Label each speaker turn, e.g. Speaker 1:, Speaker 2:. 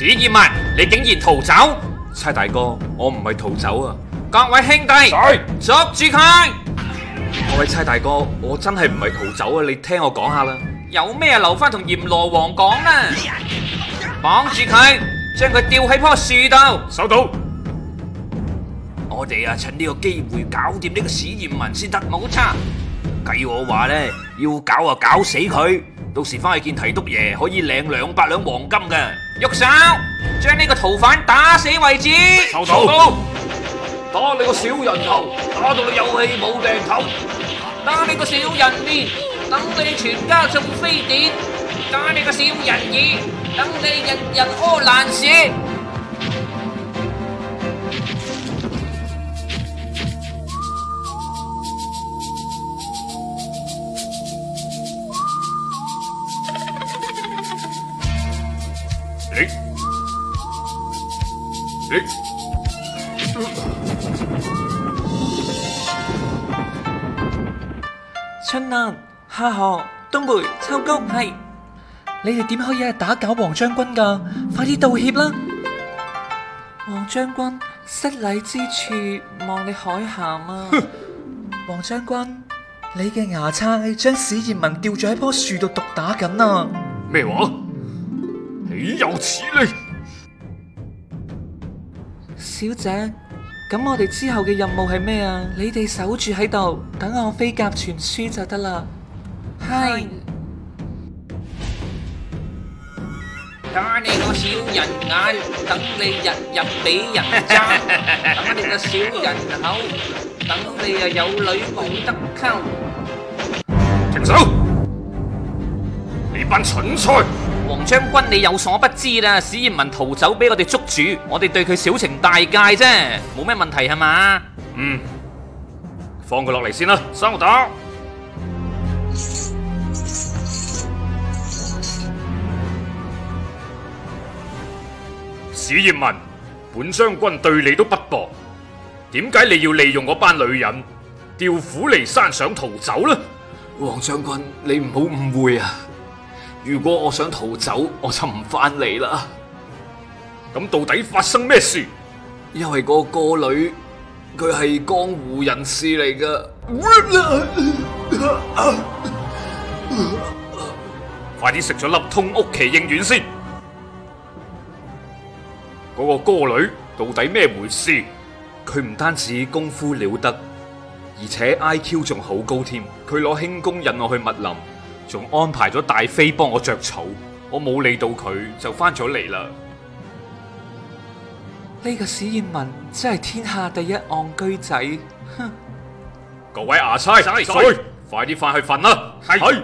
Speaker 1: 史艷文，你竟然逃走？差大哥，我唔係逃走啊！各位兄弟，捉住佢！各位差大哥，我真係唔係逃走啊！你聽我講下啦，有咩啊留翻同閻羅王講啊！綁住佢，將佢吊喺棵樹度。收到。我哋啊，趁呢個機會搞掂呢個史艷文先得，冇差。計我話咧，要搞就搞死佢，到時翻去見提督爺可以領兩百兩黃金嘅。喐手將呢個逃犯打死為止。收到，收到。打你個小人頭，打到你有氣冇定頭打。打你個小人面，等你全家中非典。打你個小人耳，等你日日屙爛屎。
Speaker 2: 哎哎、春蘭、夏荷、冬梅、秋菊，係是你哋點可以日日打攪王將軍噶？快啲道歉啦！王將軍失禮之處，望你海涵啊！哼！ 王將軍，你嘅牙差將史艷文吊咗喺棵樹度毒打緊啊！咩話？豈有此理！小姐，咁我哋之後嘅任務係咩啊？你哋守住喺度，等我飛鴿傳書就得啦。係。打
Speaker 1: 你個小人眼，等你日日俾人揸；打你個小人口，等你又有女冇得溝。停手！你班蠢材！王將軍，你有所不知啦，史艷文逃走俾我哋捉住，我哋對佢小懲大戒啫，冇咩問題係嘛？嗯，放佢落嚟先啦。收檔。史艷文，本將軍對你都不薄，點解你要利用我班女人，調虎離山想逃走呢？王將軍，你唔好誤會啊！如果我想逃走，我就唔翻嚟啦。咁到底發生咩事？因為個歌女佢係江湖人士嚟
Speaker 2: 噶，
Speaker 1: 快啲食咗粒通屋奇應丸先。嗰個歌女到底咩回事？佢唔單止功夫了得，而且 IQ 仲好高添。佢攞輕功引我去密林。仲安排咗大飛幫我着草，我冇理到佢就翻咗嚟啦。
Speaker 2: 呢個史艷文真係天下第一戇居仔，
Speaker 1: 哼！ 各位阿差，快啲翻去瞓啦！係是。